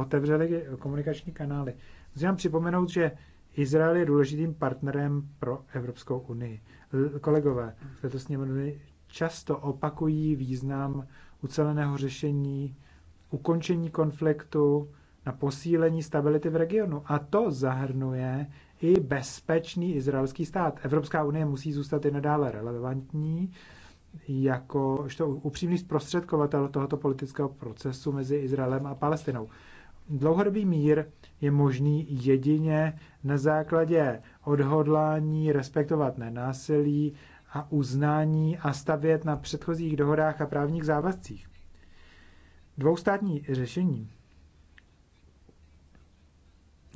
otevřeli komunikační kanály. Musím vám připomenout, že Izrael je důležitým partnerem pro Evropskou unii. Kolegové To této sněmovny často opakují význam uceleného řešení, ukončení konfliktu, na posílení stability v regionu. A to zahrnuje i bezpečný izraelský stát. Evropská unie musí zůstat i nadále relevantní, jakožto upřímný zprostředkovatel tohoto politického procesu mezi Izraelem a Palestinou. Dlouhodobý mír je možný jedině na základě odhodlání respektovat nenásilí a uznání a stavět na předchozích dohodách a právních závazcích. Dvoustátní řešení,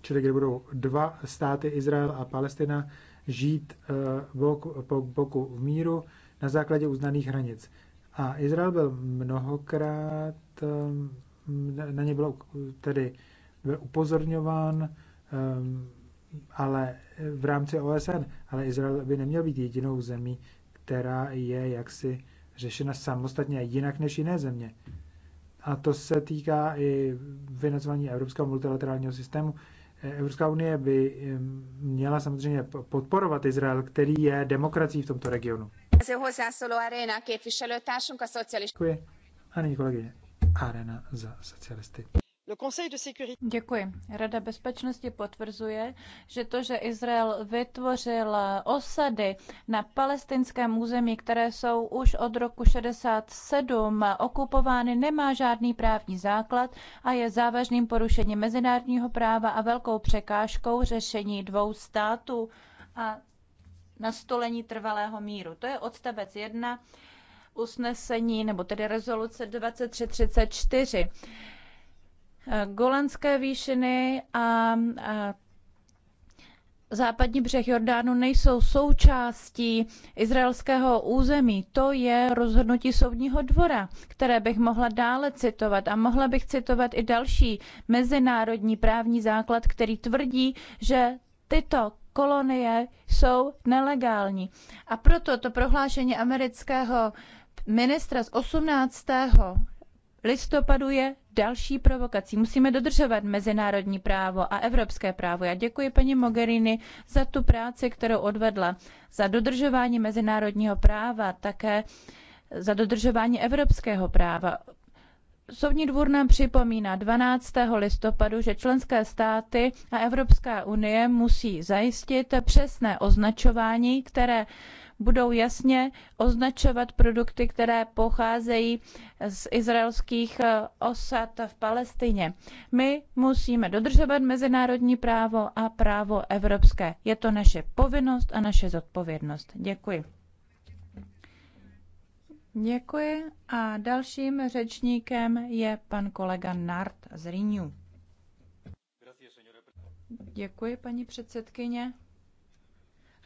čili kde budou dva státy, Izrael a Palestina, žít eh, bok po boku v míru na základě uznaných hranic. A Izrael byl mnohokrát eh, na ně bylo tedy byl eh, upozorňován, ehm, ale v rámci OSN, ale Izrael by neměl být jedinou zemí, která je jaksi řešena samostatně jinak než jiné země. A to se týká i financování Evropského multilaterálního systému. Eh, Evropská unie by ehm, měla samozřejmě podporovat Izrael, který je demokrací v tomto regionu. Děkuji. A nyní kolegyně. Arena za socialisty. Děkuji. Rada bezpečnosti potvrzuje, že to, že Izrael vytvořil eh, osady na palestinském území, které jsou už od roku 67 eh, okupovány, nemá žádný právní základ a je závažným porušením mezinárodního práva a velkou překážkou řešení dvou států a nastolení trvalého míru. To je odstavec jedna usnesení, nebo tedy rezoluce 2334. Golanské výšiny a, západní břeh Jordánu nejsou součástí izraelského území. To je rozhodnutí soudního dvora, které bych mohla dále citovat a mohla bych citovat i další mezinárodní právní základ, který tvrdí, že tyto kolonie jsou nelegální. A proto to prohlášení amerického ministra z 18. listopadu je další provokací. Musíme dodržovat mezinárodní právo a evropské právo. Já děkuji paní Mogherini za tu práci, kterou odvedla, za dodržování mezinárodního práva, také za dodržování evropského práva. Soudní dvůr nám připomíná 12. listopadu, že členské státy a Evropská unie musí zajistit přesné označování, které budou jasně označovat produkty, které pocházejí z izraelských eh, osad v Palestině. My musíme dodržovat mezinárodní právo a právo evropské. Je to naše povinnost a naše zodpovědnost. Děkuji. Děkuji a dalším řečníkem je pan kolega Nart z Renew. Děkuji, paní předsedkyně.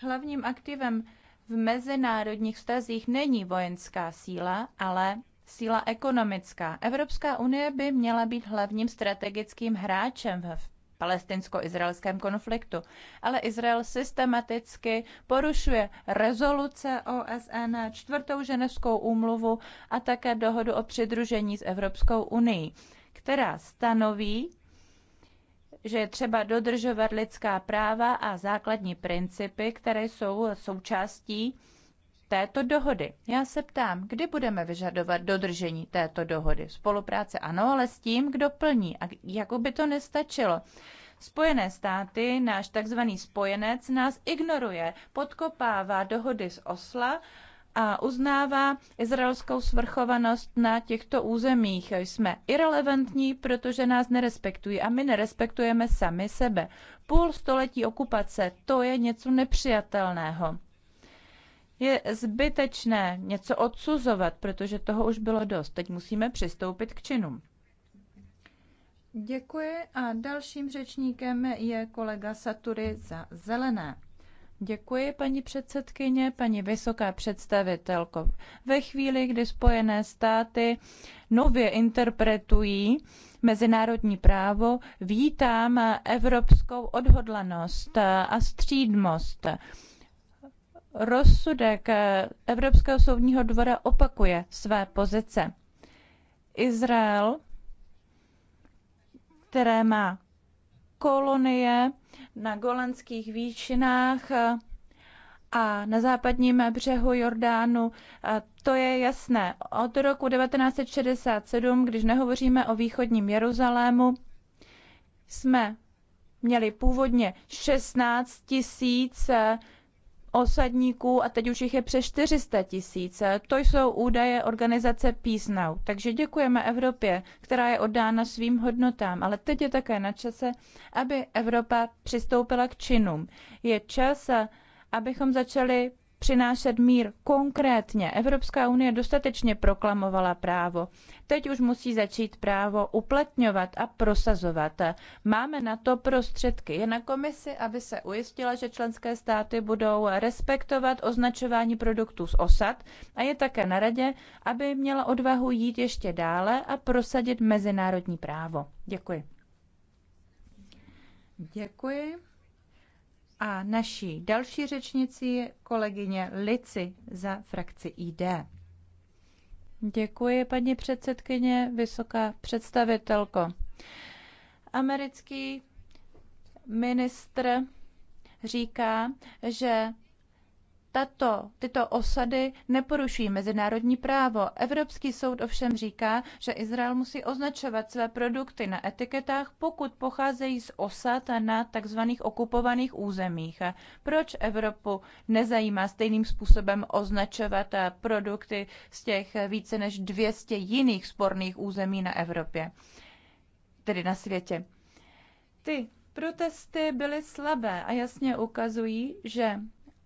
Hlavním aktivem v mezinárodních vztazích není vojenská síla, ale síla ekonomická. Evropská unie by měla být hlavním strategickým hráčem v palestinsko-izraelském konfliktu, ale Izrael systematicky porušuje rezoluce OSN, čtvrtou ženevskou úmluvu a také dohodu o přidružení s Evropskou unii, která stanoví že je třeba dodržovat lidská práva a základní principy, které jsou součástí této dohody. Já se ptám, kdy budeme vyžadovat dodržení této dohody. Spolupráce ano, ale s tím, kdo plní. A jako by to nestačilo. Spojené státy, náš takzvaný spojenec, nás ignoruje, podkopává dohody z Osla a uznává izraelskou svrchovanost na těchto územích. Jsme irrelevantní, protože nás nerespektují a my nerespektujeme sami sebe. Půl století okupace, to je něco nepřijatelného. Je zbytečné něco odsuzovat, protože toho už bylo dost. Teď musíme přistoupit k činům. Děkuji a dalším řečníkem je kolega Satury za zelené. Děkuji, paní předsedkyně, paní vysoká představitelko. Ve chvíli, kdy Spojené státy nově interpretují mezinárodní právo, vítám evropskou odhodlanost a střídmost. Rozsudek Evropského soudního dvora opakuje své pozice. Izrael, které má kolonie na golanských výšinách a na západním břehu Jordánu. A to je jasné. Od roku 1967, když nehovoříme o východním Jeruzalému, jsme měli původně 16 tisíc osadníků a teď už jich je přes 400 tisíc. To jsou údaje organizace Peace Now. Takže děkujeme Evropě, která je oddána svým hodnotám, ale teď je také na čase, aby Evropa přistoupila k činům. Je čas, abychom začali přinášet mír konkrétně. Evropská unie dostatečně proklamovala právo. Teď už musí začít právo uplatňovat a prosazovat. Máme na to prostředky. Je na komisi, aby se ujistila, že členské státy budou respektovat označování produktů z osad a je také na radě, aby měla odvahu jít ještě dále a prosadit mezinárodní právo. Děkuji. Děkuji. A naší další řečnicí je kolegyně Lici za frakci ID. Děkuji, paní předsedkyně, vysoká představitelko. Americký ministr říká, že tato, tyto osady neporušují mezinárodní právo. Evropský soud ovšem říká, že Izrael musí označovat své produkty na etiketách, pokud pocházejí z osad na tzv. okupovaných územích. Proč Evropu nezajímá stejným způsobem označovat produkty z těch více než 200 jiných sporných území na Evropě, tedy na světě? Ty protesty byly slabé a jasně ukazují, že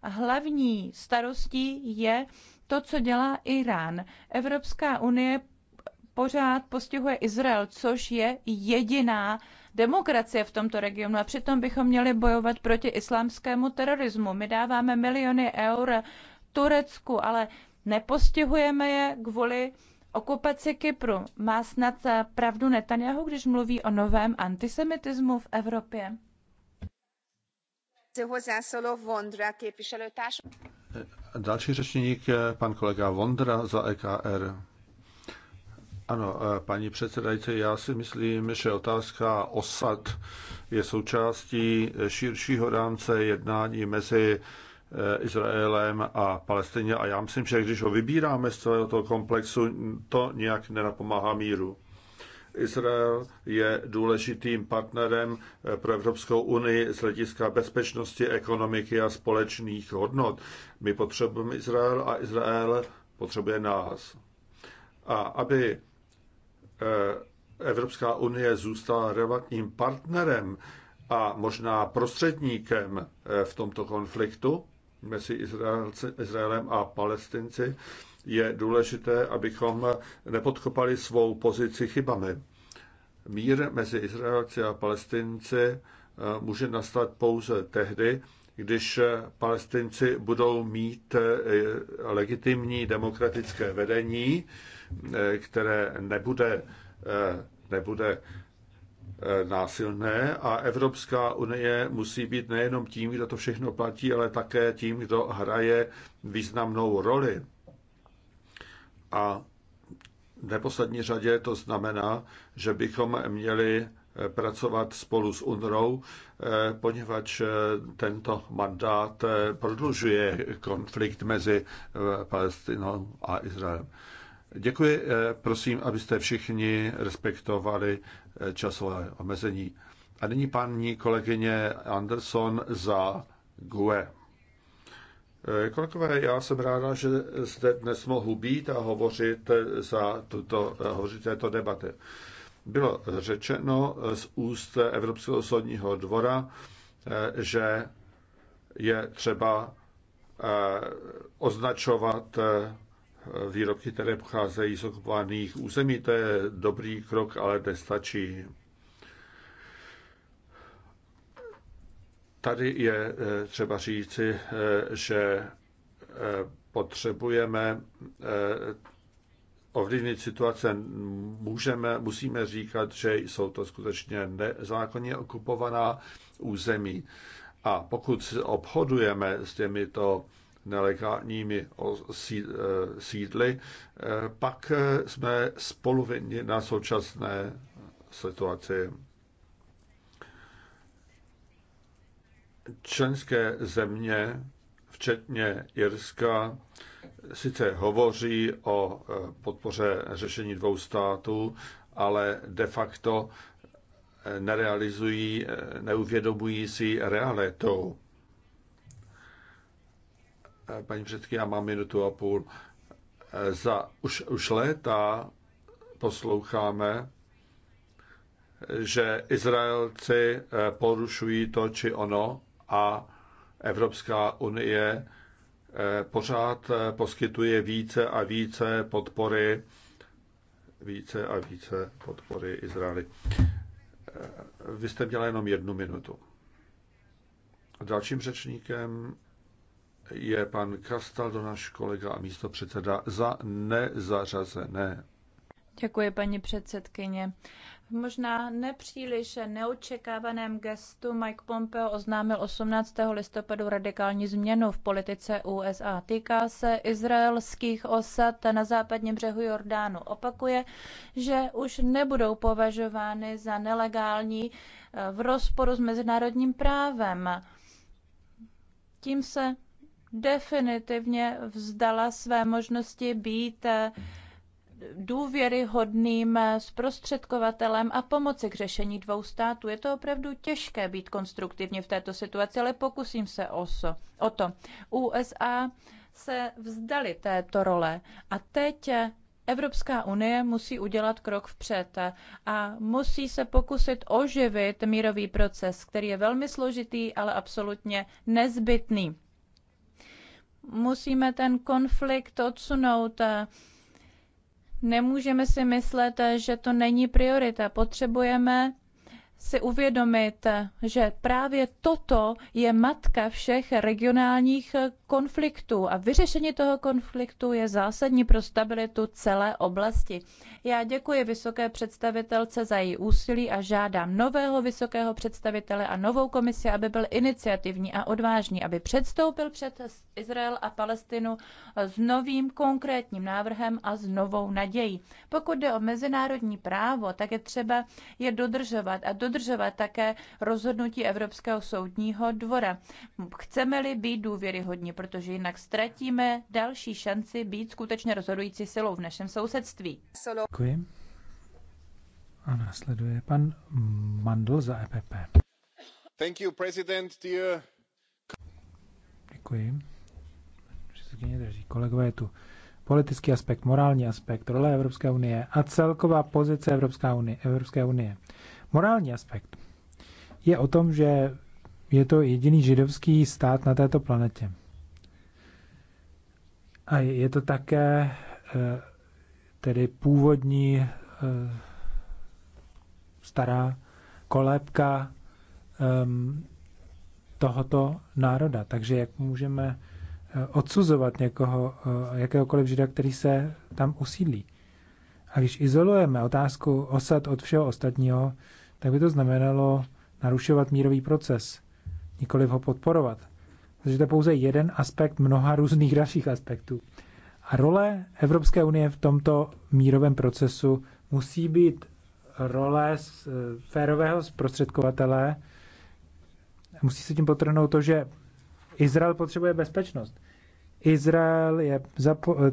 hlavní starostí je to, co dělá Irán. Evropská unie pořád postihuje Izrael, což je jediná demokracie v tomto regionu. A přitom bychom měli bojovat proti islámskému terorismu. My dáváme miliony eur Turecku, ale nepostihujeme je kvůli okupaci Kypru. Má snad pravdu Netanyahu, když mluví o novém antisemitismu v Evropě? Další řečník, pan kolega Vondra za EKR. Ano, e, paní předsedající, já si myslím, že otázka osad je součástí širšího rámce jednání mezi e, Izraelem a Palestině a já myslím, že když ho vybíráme z celého toho komplexu, to nějak nenapomáhá míru. Izrael je důležitým partnerem eh, pro Evropskou unii z hlediska bezpečnosti, ekonomiky a společných hodnot. My potřebujeme Izrael a Izrael potřebuje nás. A aby eh, Evropská unie zůstala relevantním partnerem a možná prostředníkem eh, v tomto konfliktu mezi Izraelcem, Izraelem a Palestinci, je důležité, abychom nepodkopali svou pozici chybami. Mír mezi Izraelci a Palestinci eh, může nastat pouze tehdy, když eh, palestinci budou mít eh, legitimní demokratické vedení, které nebude, nebude násilné a Evropská unie musí být nejenom tím, kdo to všechno platí, ale také tím, kdo hraje významnou roli a v neposlední řadě to znamená, že bychom měli eh, pracovat spolu s UNRou, eh, poněvadž eh, tento mandát prodlužuje konflikt mezi Palestinou a Izraelem. Děkuji, prosím, abyste všichni respektovali časové omezení. A nyní paní kolegyně Anderson za GUE. Eh, kolegové, já jsem ráda, že zde dnes mohu být a hovořit za tuto, eh, hovořit této debaty. Bylo řečeno eh, z úst Evropského soudního dvora, že je třeba označovat výrobky, které pocházejí z okupovaných území. To je dobrý krok, ale nestačí. Tady je eh, třeba říci, eh, že eh, potřebujeme ovlivnit situace, můžeme, musíme říkat, že jsou to skutečně nezákonně okupovaná území. A pokud obchodujeme s těmito nelegálními sídly, pak jsme spoluvinni na současné situaci. Členské země, včetně Irska, sice hovoří o e, podpoře řešení dvou států, ale de facto e, nerealizují, e, neuvědomují si realitou. Paní předky, já mám minutu a půl. Za, už, už léta posloucháme, že Izraelci porušují to či ono a Evropská unie eh, pořád eh, poskytuje více a více podpory více a více podpory Izraeli. Eh, vy jste měla jenom jednu minutu. Dalším řečníkem je pan Kastal, náš kolega a místo předseda za nezařazené. Děkuji, paní předsedkyně možná nepříliš neočekávaném gestu Mike Pompeo oznámil 18. listopadu radikální změnu v politice USA. Týká se izraelských osad na západním břehu Jordánu. Opakuje, že už nebudou považovány za nelegální eh, v rozporu s mezinárodním právem. Tím se definitivně vzdala své možnosti být eh, důvěryhodným eh, zprostředkovatelem a pomoci k řešení dvou států. Je to opravdu těžké být konstruktivně v této situaci, ale pokusím se oso, o to. USA se vzdali této role a teď eh, Evropská unie musí udělat krok vpřed eh, a musí se pokusit oživit mírový proces, který je velmi složitý, ale absolutně nezbytný. Musíme ten konflikt odsunout Nemůžeme si myslet, že to není priorita. Potřebujeme si uvědomit, že právě toto je matka všech regionálních konfliktu a vyřešení toho konfliktu je zásadní pro stabilitu celé oblasti. Já děkuji vysoké představitelce za její úsilí a žádám nového vysokého představitele a novou komisi, aby byl iniciativní a odvážný, aby předstoupil před Izrael a Palestinu s novým konkrétním návrhem a s novou nadějí. Pokud jde o mezinárodní právo, tak je třeba je dodržovat a dodržovat také rozhodnutí Evropského soudního dvora. Chceme-li být důvěryhodní protože jinak ztratíme další šanci být skutečně rozhodující silou v našem sousedství. Děkuji. A následuje pan Mandl za EPP. Thank you, president, dear... Děkuji. Předsedkyně, drží. kolegové, je tu politický aspekt, morální aspekt, role Evropské unie a celková pozice Evropská unie, Evropské unie. Morální aspekt je o tom, že je to jediný židovský stát na této planetě. A je to také eh, tedy původní eh, stará kolébka ehm, tohoto národa. Takže jak můžeme eh, odsuzovat někoho, jakéhokoliv žida, který se tam usídlí. A když izolujeme otázku osad od všeho ostatního, tak by to znamenalo narušovat mírový proces, nikoliv ho podporovat. Takže to je pouze jeden aspekt mnoha různých dalších aspektů. A role Evropské unie v tomto mírovém procesu musí být role eh, férového zprostředkovatele. Musí se tím potrhnout to, že Izrael potřebuje bezpečnost. Izrael je,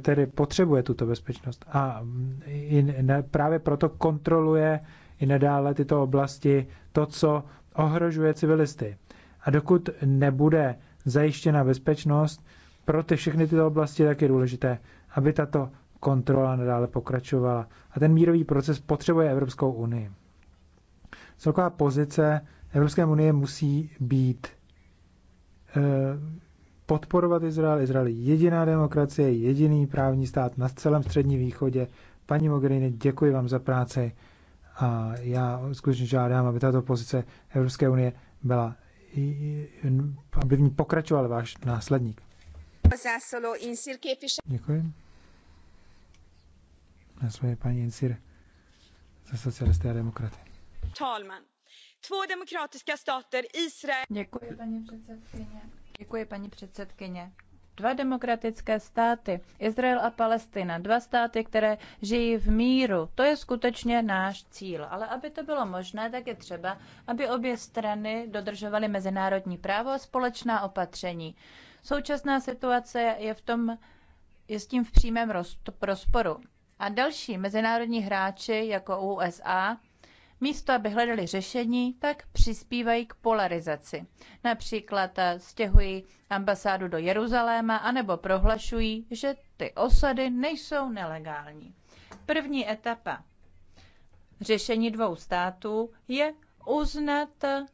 tedy potřebuje tuto bezpečnost a i, ne, právě proto kontroluje i nadále tyto oblasti to, co ohrožuje civilisty. A dokud nebude zajištěna bezpečnost pro ty všechny tyto oblasti, tak je důležité, aby tato kontrola nadále pokračovala. A ten mírový proces potřebuje Evropskou unii. Celková pozice Evropské unie musí být eh, podporovat Izrael. Izrael je jediná demokracie, jediný právní stát na celém středním východě. Paní Mogherini, děkuji vám za práci a já skutečně žádám, aby tato pozice Evropské unie byla aby v ní pokračoval váš následník. Děkuji. Na svoje paní Insir za socialisté a demokraty. Talman. Tvo demokratická státy Izrael. Děkuji, paní předsedkyně. Děkuji, paní předsedkyně dva demokratické státy, Izrael a Palestina, dva státy, které žijí v míru. To je skutečně náš cíl. Ale aby to bylo možné, tak je třeba, aby obě strany dodržovaly mezinárodní právo a společná opatření. Současná situace je v tom je s tím v přímém rozporu. A další mezinárodní hráči jako USA Místo, aby hledali řešení, tak přispívají k polarizaci. Například eh, stěhují ambasádu do Jeruzaléma anebo prohlašují, že ty osady nejsou nelegální. První etapa řešení dvou států je uznat eh,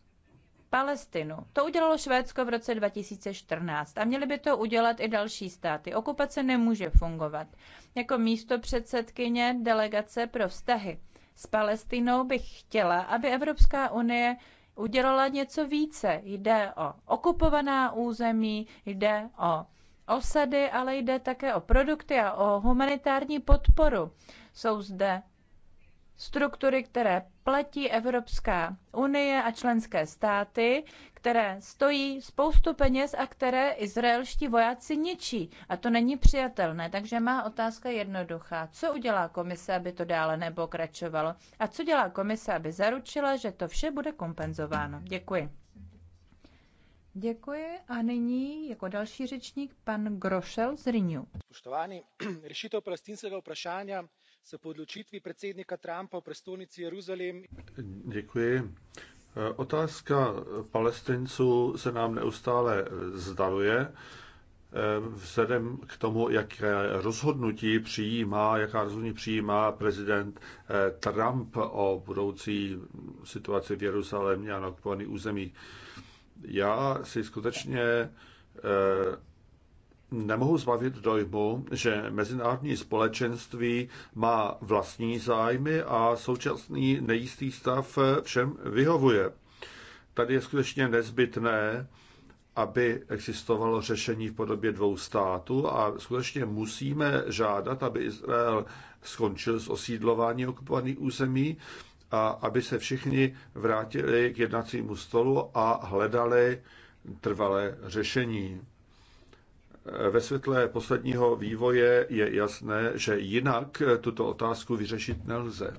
Palestinu. To udělalo Švédsko v roce 2014 a měly by to udělat i další státy. Okupace nemůže fungovat. Jako místo předsedkyně delegace pro vztahy s Palestinou bych chtěla, aby Evropská unie udělala něco více. Jde o okupovaná území, jde o osady, ale jde také o produkty a o humanitární podporu. Jsou zde struktury, které platí Evropská unie a členské státy, které stojí spoustu peněz a které izraelští vojáci ničí. A to není přijatelné, takže má otázka jednoduchá. Co udělá komise, aby to dále nepokračovalo? A co dělá komise, aby zaručila, že to vše bude kompenzováno? Děkuji. Děkuji a nyní jako další řečník pan Grošel z Rinju. Spoštovani, rešitev palestinskega vprašanja se po odločitvi predsednika Trumpa v prestolnici Jeruzalém. Děkuji. Otázka palestinců se nám neustále zdaluje eh, vzhledem k tomu, jaké rozhodnutí přijímá, jaká rozhodnutí přijímá prezident eh, Trump o budoucí situaci v Jeruzalémě a na okupovaných území. Já si skutečně eh, nemohu zbavit dojmu, že mezinárodní společenství má vlastní zájmy a současný nejistý stav všem vyhovuje. Tady je skutečně nezbytné, aby existovalo řešení v podobě dvou států a skutečně musíme žádat, aby Izrael skončil s osídlování okupovaných území a aby se všichni vrátili k jednacímu stolu a hledali trvalé řešení. Ve světle posledního vývoje je jasné, že jinak tuto otázku vyřešit nelze.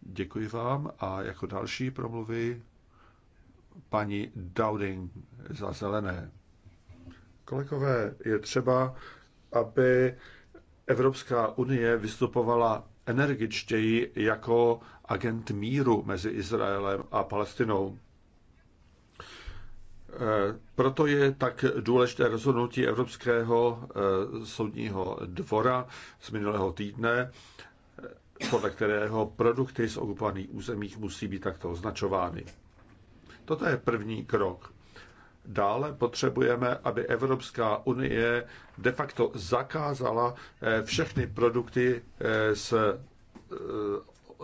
Děkuji vám a jako další promluví paní Dowding za zelené. Kolegové, je třeba, aby Evropská unie vystupovala energičtěji jako agent míru mezi Izraelem a Palestinou. Eh, proto je tak důležité rozhodnutí Evropského eh, soudního dvora z minulého týdne, eh, podle kterého produkty z okupovaných území musí být takto označovány. Toto je první krok. Dále potřebujeme, aby Evropská unie de facto zakázala všechny produkty z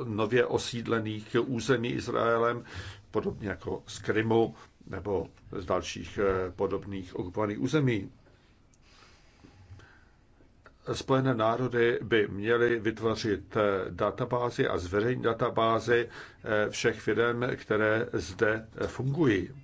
nově osídlených území Izraelem, podobně jako z Krymu nebo z dalších eh, podobných okupovaných území. Spojené národy by měly vytvořit eh, databázy a zveřejnit databázy eh, všech firm, které zde fungují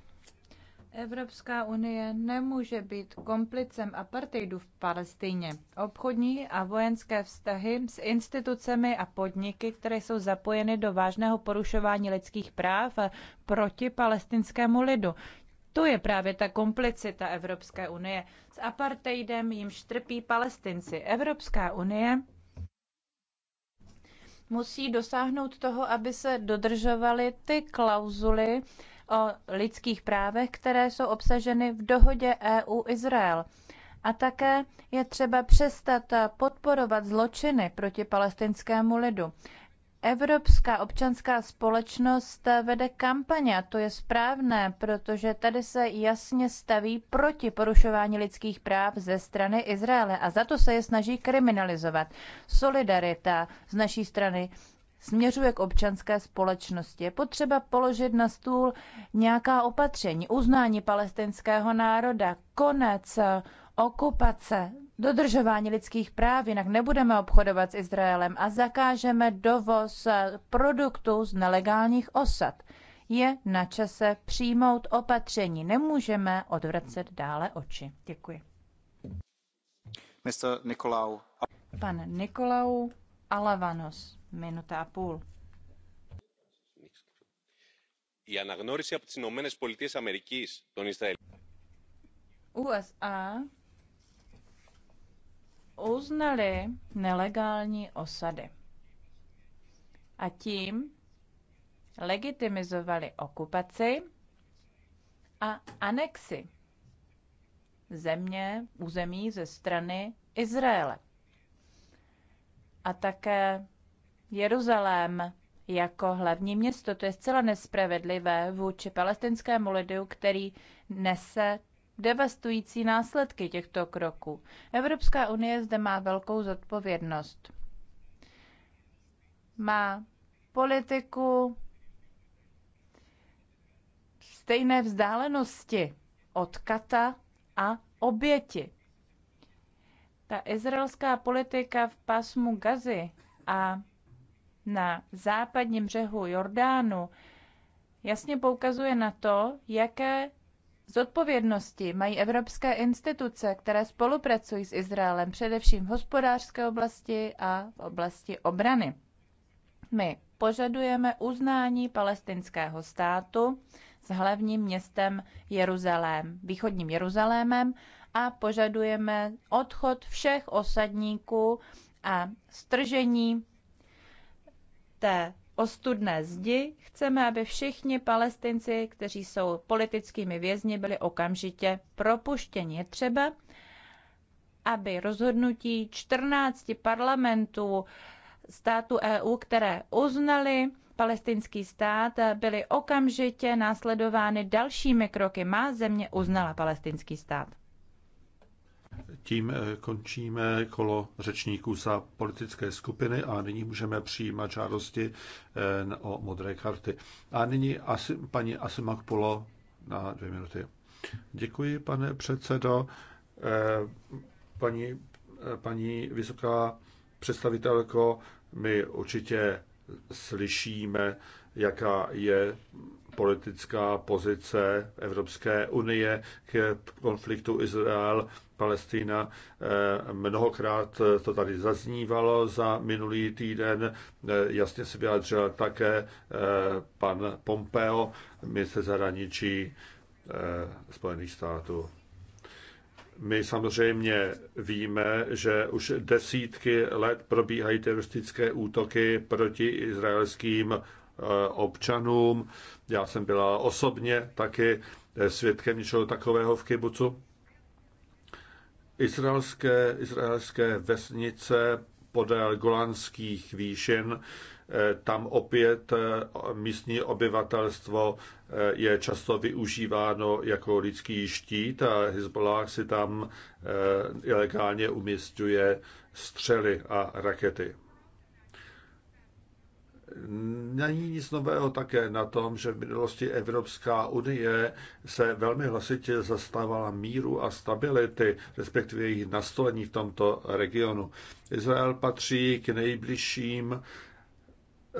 Evropská unie nemůže být komplicem apartheidu v Palestině. Obchodní a vojenské vztahy s institucemi a podniky, které jsou zapojeny do vážného porušování lidských práv proti palestinskému lidu. To je právě ta komplicita Evropské unie. S apartheidem jim štrpí palestinci. Evropská unie musí dosáhnout toho, aby se dodržovaly ty klauzuly, o lidských právech, které jsou obsaženy v dohodě EU-Izrael. A také je třeba přestat podporovat zločiny proti palestinskému lidu. Evropská občanská společnost vede kampaně a to je správné, protože tady se jasně staví proti porušování lidských práv ze strany Izraele a za to se je snaží kriminalizovat. Solidarita z naší strany směřuje k občanské společnosti. Je potřeba položit na stůl nějaká opatření, uznání palestinského národa, konec okupace, dodržování lidských práv, jinak nebudeme obchodovat s Izraelem a zakážeme dovoz produktů z nelegálních osad. Je na čase přijmout opatření. Nemůžeme odvracet dále oči. Děkuji. Mr. Nikolau. Pan Nikolau Alavanos minuta a půl. USA uznali nelegální osady a tím legitimizovali okupaci a anexi země, území ze strany Izraele. A také Jeruzalém jako hlavní město. To je zcela nespravedlivé vůči palestinskému lidu, který nese devastující následky těchto kroků. Evropská unie zde má velkou zodpovědnost. Má politiku stejné vzdálenosti od kata a oběti. Ta izraelská politika v pásmu Gazy a na západním břehu Jordánu jasně poukazuje na to, jaké zodpovědnosti mají evropské instituce, které spolupracují s Izraelem, především v hospodářské oblasti a v oblasti obrany. My požadujeme uznání palestinského státu s hlavním městem Jeruzalém, východním Jeruzalémem a požadujeme odchod všech osadníků a stržení té ostudné zdi chceme, aby všichni palestinci, kteří jsou politickými vězni, byli okamžitě propuštěni. Je třeba, aby rozhodnutí 14 parlamentů Státu e EU, které uznali palestinský stát, byly okamžitě následovány dalšími kroky. Má země uznala palestinský stát. Tím eh, končíme kolo řečníků za politické skupiny a nyní můžeme přijímat žádosti eh, o modré karty. A nyní asi, paní Asimakpolo na dvě minuty. Děkuji, pane předsedo. Eh, paní, paní vysoká představitelko, my určitě slyšíme jaká je politická pozice Evropské unie k konfliktu Izrael Palestina. Eh, mnohokrát to tady zaznívalo za minulý týden. Eh, jasně se vyjádřil také eh, pan Pompeo, minister zahraničí Spojených států. My samozřejmě víme, že už desítky let probíhají teroristické útoky proti izraelským Eh, občanům. Já jsem byla osobně taky eh, svědkem něčeho takového v kibucu. Izraelské, izraelské vesnice podél golanských výšin, eh, tam opět místní obyvatelstvo je často využíváno jako lidský štít a Hezbollah si tam ilegálně umistuje střely a rakety. Není nic nového také na tom, že v minulosti Evropská unie se velmi hlasitě zastávala míru a stability, respektive jejich nastolení v tomto regionu. Izrael patří k nejbližším eh,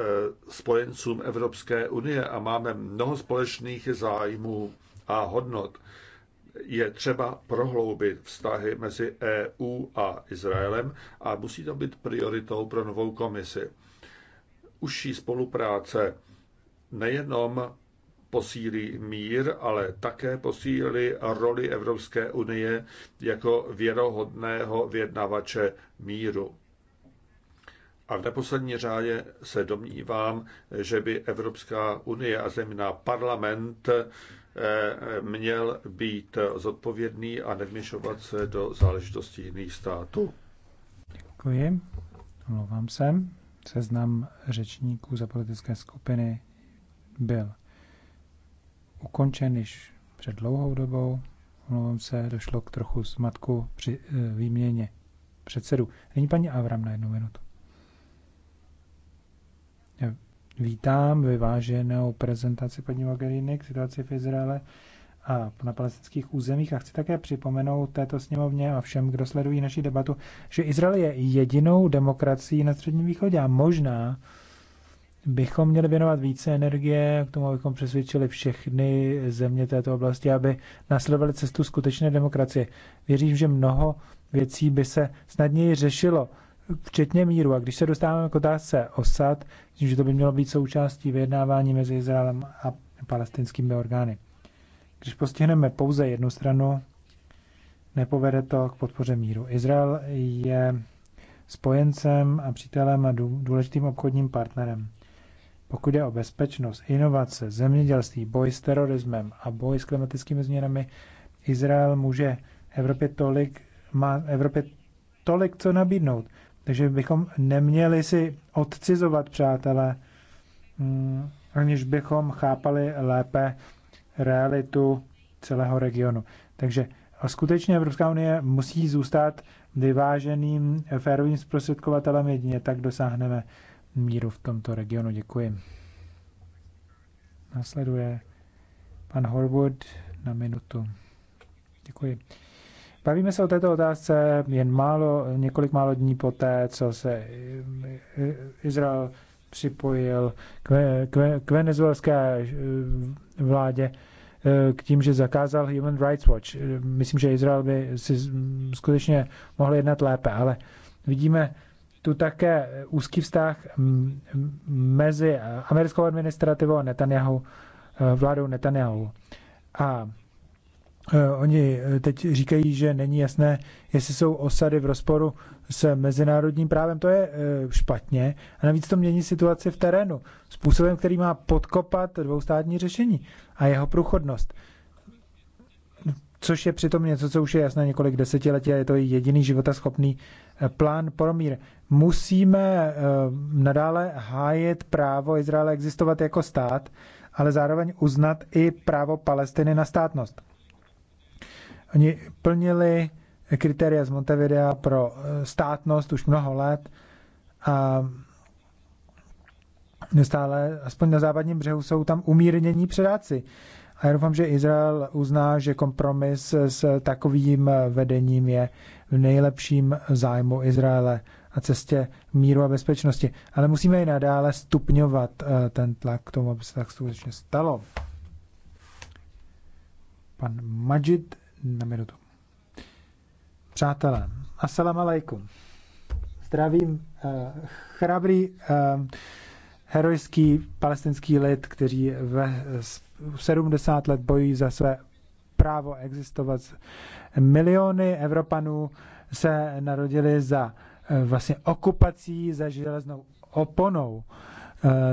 spojencům Evropské unie a máme mnoho společných zájmů a hodnot. Je třeba prohloubit vztahy mezi EU a Izraelem a musí to být prioritou pro novou komisi užší spolupráce nejenom posílí mír, ale také posílí roli Evropské unie jako věrohodného vyjednavače míru. A v neposlední řádě se domnívám, že by Evropská unie a zejména parlament eh, měl být zodpovědný a nevměšovat se do záležitostí jiných států. Děkuji. Omlouvám se. Seznam řečníků za politické skupiny byl ukončen již před dlouhou dobou. Omlouvám se, došlo k trochu zmatku při eh, výměně předsedu. Není paní Avram na jednu minutu. Vítám vyváženou prezentaci paní Mogherini k situaci v Izraele a na palestinských územích. A chci také připomenout této sněmovně a všem, kdo sledují naši debatu, že Izrael je jedinou demokracií na Středním východě a možná bychom měli věnovat více energie k tomu, abychom přesvědčili všechny země této oblasti, aby nasledovali cestu skutečné demokracie. Věřím, že mnoho věcí by se snadněji řešilo, včetně míru. A když se dostáváme k otázce osad, myslím, že to by mělo být součástí vyjednávání mezi Izraelem a palestinskými orgány. Když postihneme pouze jednu stranu, nepovede to k podpoře míru. Izrael je spojencem a přítelem a důležitým obchodním partnerem. Pokud je o bezpečnost, inovace, zemědělství, boj s terorismem a boj s klimatickými změnami, Izrael může Evropě tolik, má Evropě tolik co nabídnout. Takže bychom neměli si odcizovat, přátelé, mm, aniž bychom chápali lépe realitu celého regionu. Takže a skutečně Evropská unie musí zůstat vyváženým férovým zprostředkovatelem, jedině tak dosáhneme míru v tomto regionu. Děkuji. Nasleduje pan Horwood na minutu. Děkuji. Bavíme se o této otázce jen málo, několik málo dní poté, co se Izrael připojil k, k, k venezuelské eh, vládě k tím, že zakázal Human Rights Watch. Myslím, že Izrael by si skutečně mohl jednat lépe, ale vidíme tu také úzký vztah mezi americkou administrativou a Netanyahu, eh, vládou Netanyahu. A Eh, oni eh, teď říkají, že není jasné, jestli jsou osady v rozporu s mezinárodním právem. To je eh, špatně a navíc to mění situaci v terénu způsobem, který má podkopat dvoustátní řešení a jeho průchodnost. Což je přitom něco, co už je jasné několik desetiletí a je to jediný životaschopný plán pro mír. Musíme nadále hájit právo Izraele existovat jako stát, ale zároveň uznat i právo Palestiny na státnost. Oni plnili kritéria z Montevidea pro eh, státnost už mnoho let a stále, aspoň na západním břehu, jsou tam umírnění předáci. A já doufám, že Izrael uzná, že kompromis s takovým eh, vedením je v nejlepším zájmu Izraele a cestě míru a bezpečnosti. Ale musíme i nadále stupňovat eh, ten tlak k tomu, aby se tak skutečně stalo. Pan Majid na minutu. Přátelé, assalamu alaikum. Zdravím uh, chrabrý uh, herojský palestinský lid, kteří ve 70 let bojují za své právo existovat. Miliony Evropanů se narodili za eh, vlastně okupací, za železnou oponou.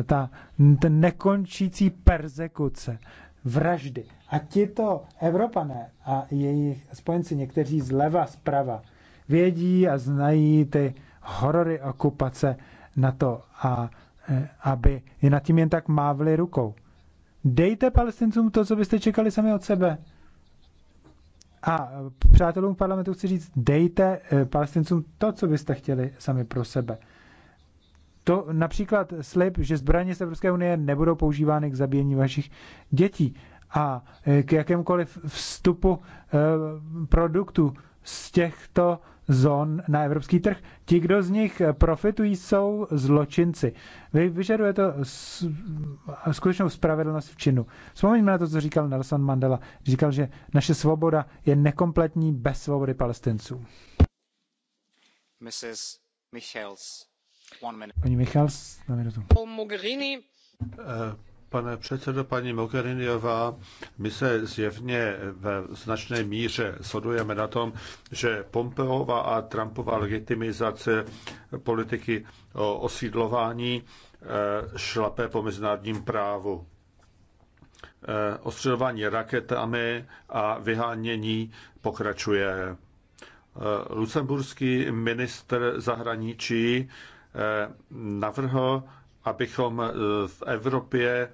Ta, ta nekončící persekuce vraždy. A tito Evropané a jejich spojenci, někteří zleva, zprava, vědí a znají ty horory okupace na to, a, e, aby je nad tím jen tak mávli rukou. Dejte palestincům to, co byste čekali sami od sebe. A přátelům parlamentu chci říct, dejte e, palestincům to, co byste chtěli sami pro sebe. To například slib, že zbraně z Evropské unie nebudou používány k zabíjení vašich dětí a e, k jakémkoliv vstupu e, produktu z těchto zón na evropský trh. Ti, kdo z nich profitují, jsou zločinci. Vy vyžaduje to skutečnou spravedlnost v činu. Vzpomeňme na to, co říkal Nelson Mandela. Říkal, že naše svoboda je nekompletní bez svobody palestinců. Mrs. Michels. Paní Michals, na minutu. Eh, pane předsedo, paní Mogheriniová, my se zjevně ve značné míře shodujeme na tom, že Pompeová a Trumpova legitimizace politiky osídlování eh, šlapé po mezinárodním právu. Eh, ostřelování raketami a vyhánění pokračuje. Lucemburský ministr zahraničí navrhl, abychom eh, v Evropě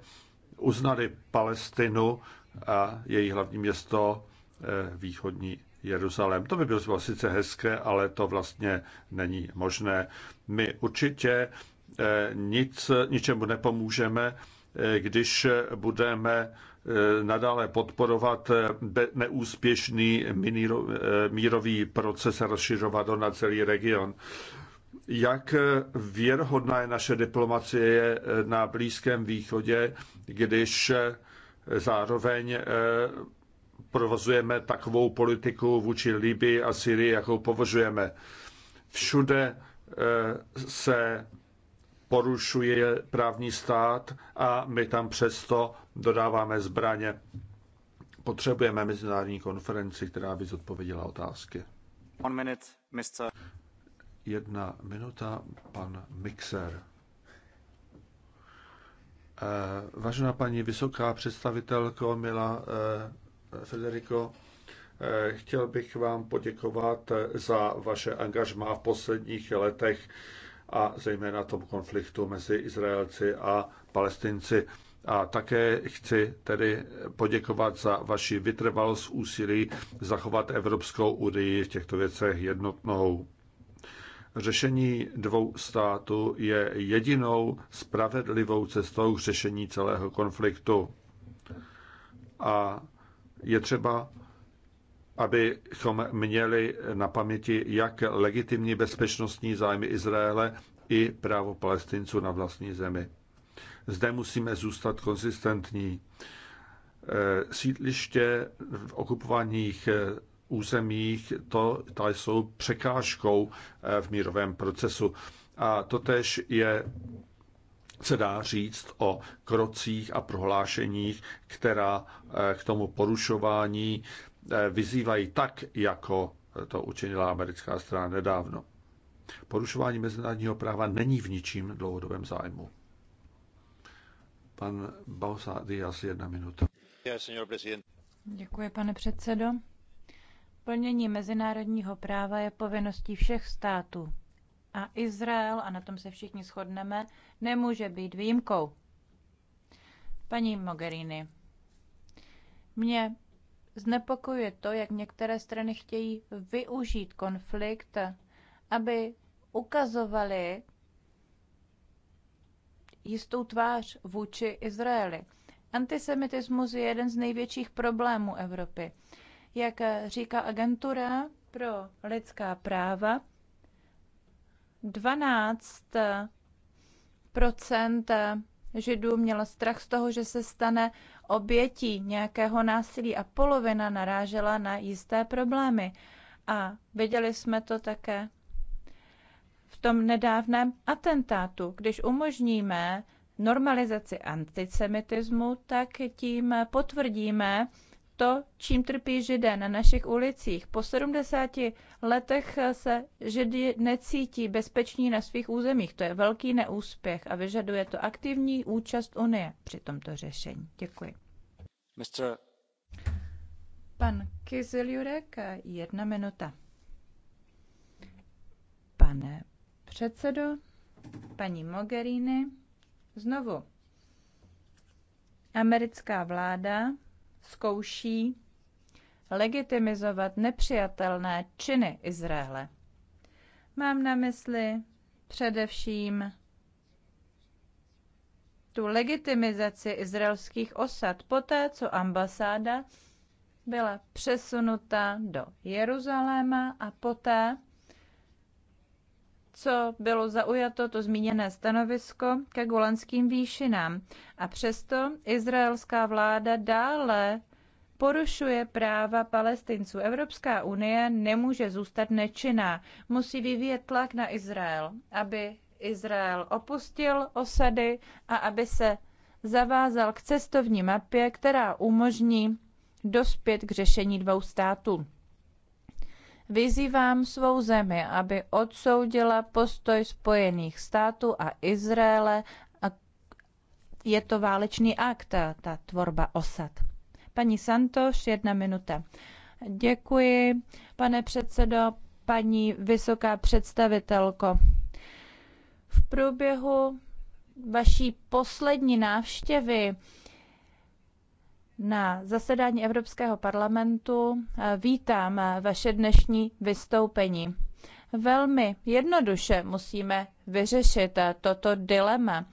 uznali Palestinu a její hlavní město eh, východní Jeruzalém. To by bylo sice hezké, ale to vlastně není možné. My určitě eh, nic, ničemu nepomůžeme, když budeme nadále podporovat neúspěšný mírový proces a rozšiřovat ho na celý region jak eh, věrhodná je naše diplomacie eh, na Blízkém východě, když eh, zároveň provozujeme takovou politiku vůči Libii a Syrii, jakou považujeme. Všude se porušuje právní stát a my tam přesto dodáváme zbraně. Potřebujeme mezinárodní konferenci, která by zodpověděla otázky. One minute, Mr. Jedna minuta, pan Mixer. Eh, vážená paní vysoká představitelko, milá eh, Federico, eh, chtěl bych vám poděkovat za vaše angažmá v posledních letech a zejména tom konfliktu mezi Izraelci a Palestinci. A také chci tedy poděkovat za vaši vytrvalost úsilí zachovat Evropskou unii v těchto věcech jednotnou. Řešení dvou států je jedinou spravedlivou cestou k řešení celého konfliktu. A je třeba, abychom měli na paměti jak legitimní bezpečnostní zájmy Izraele, i právo palestinců na vlastní zemi. Zde musíme zůstat konzistentní. Eh, sídliště v okupovaných eh, územích, to, to jsou překážkou eh, v mírovém procesu. A totež je se dá říct o krocích a prohlášeních, která eh, k tomu porušování eh, vyzývají tak, jako to učinila americká strana nedávno. Porušování mezinárodního práva není v ničím dlouhodobém zájmu. Pan Bausa Díaz, jedna minuta. Děkuji, pane předsedo. Plnění mezinárodního práva je povinností všech států. A Izrael, a na tom se všichni shodneme, nemůže být výjimkou. Paní Mogherini, mě znepokojuje to, jak některé strany chtějí využít konflikt, aby ukazovali jistou tvář vůči Izraeli. Antisemitismus je jeden z největších problémů Evropy. Jak říká agentura pro lidská práva, 12 Židů mělo strach z toho, že se stane obětí nějakého násilí a polovina narážela na jisté problémy. A viděli jsme to také v tom nedávném atentátu. Když umožníme normalizaci antisemitismu, tak tím potvrdíme to, čím trpí židé na našich ulicích. Po 70 letech se židé necítí bezpeční na svých územích. To je velký neúspěch a vyžaduje to aktivní účast Unie při tomto řešení. Děkuji. Mr. Pan Kizeljurek, jedna minuta. Pane předsedo, paní Mogherini, znovu. Americká vláda zkouší legitimizovat nepřijatelné činy Izraele. Mám na mysli především tu legitimizaci izraelských osad poté, co ambasáda byla přesunuta do Jeruzaléma a poté, co bylo zaujato, to zmíněné stanovisko ke golanským výšinám. A přesto izraelská vláda dále porušuje práva palestinců. Evropská unie nemůže zůstat nečinná. Musí vyvíjet tlak na Izrael, aby Izrael opustil osady a aby se zavázal k cestovní mapě, která umožní dospět k řešení dvou států. Vyzývám svou zemi, aby odsoudila postoj Spojených států a Izraele a je to válečný akt, ta tvorba osad. Paní Santoš, jedna minuta. Děkuji, pane předsedo, paní vysoká představitelko. V průběhu vaší poslední návštěvy na zasedání Evropského parlamentu eh, vítám eh, vaše dnešní vystoupení. Velmi jednoduše musíme vyřešit eh, toto dilema.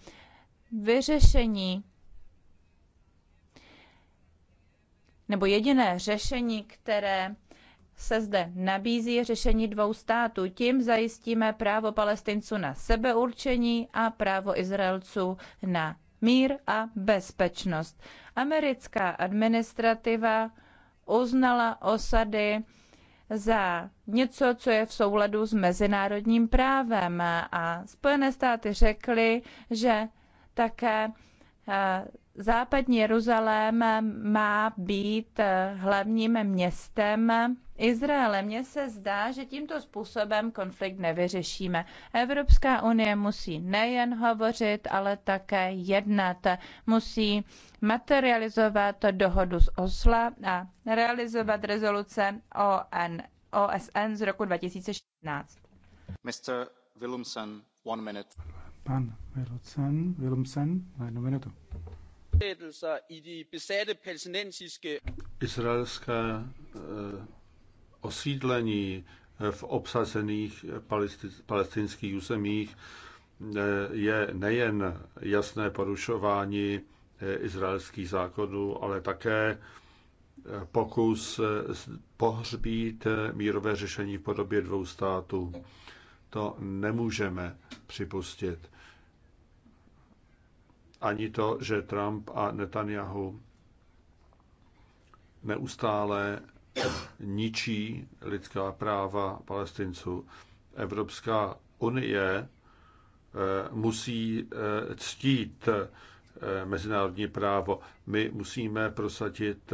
Vyřešení nebo jediné řešení, které se zde nabízí řešení dvou států. Tím zajistíme právo palestinců na sebeurčení a právo Izraelců na mír a bezpečnost. Americká administrativa uznala osady za něco, co je v souladu s mezinárodním právem a Spojené státy řekly, že také Západní Jeruzalém má být hlavním městem Izraele. Mně se zdá, že tímto způsobem konflikt nevyřešíme. Evropská unie musí nejen hovořit, ale také jednat. Musí materializovat dohodu z Osla a realizovat rezoluce ON, OSN z roku 2016. Mr. Willumsen, one minute. Pan Willumsen, Willumsen, na jednu minutu. Izraelské eh, osídlení eh, v obsazených eh, palestinských územích je nejen jasné porušování izraelských zákonů, ale také pokus pohřbít mírové řešení v podobě dvou států. To nemůžeme připustit ani to, že Trump a Netanyahu neustále ničí lidská práva palestinců. Evropská unie eh, musí eh, ctít eh, mezinárodní právo. My musíme prosadit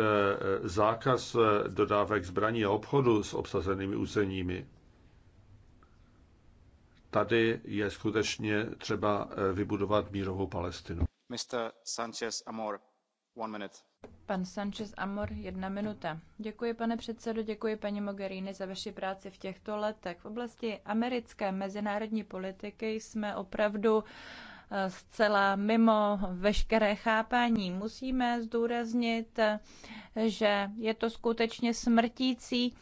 zákaz dodávek zbraní a obchodu s obsazenými územími. Tady je skutečně třeba vybudovat mírovou Palestinu. Amor, jedna minuta. pane předsedo, děkuji, paní Mogherini, za vaši práci v těchto letech. V oblasti americké mezinárodní politiky jsme opravdu eh, zcela mimo veškeré chápání. Musíme zdůraznit, že je to skutečně smrtící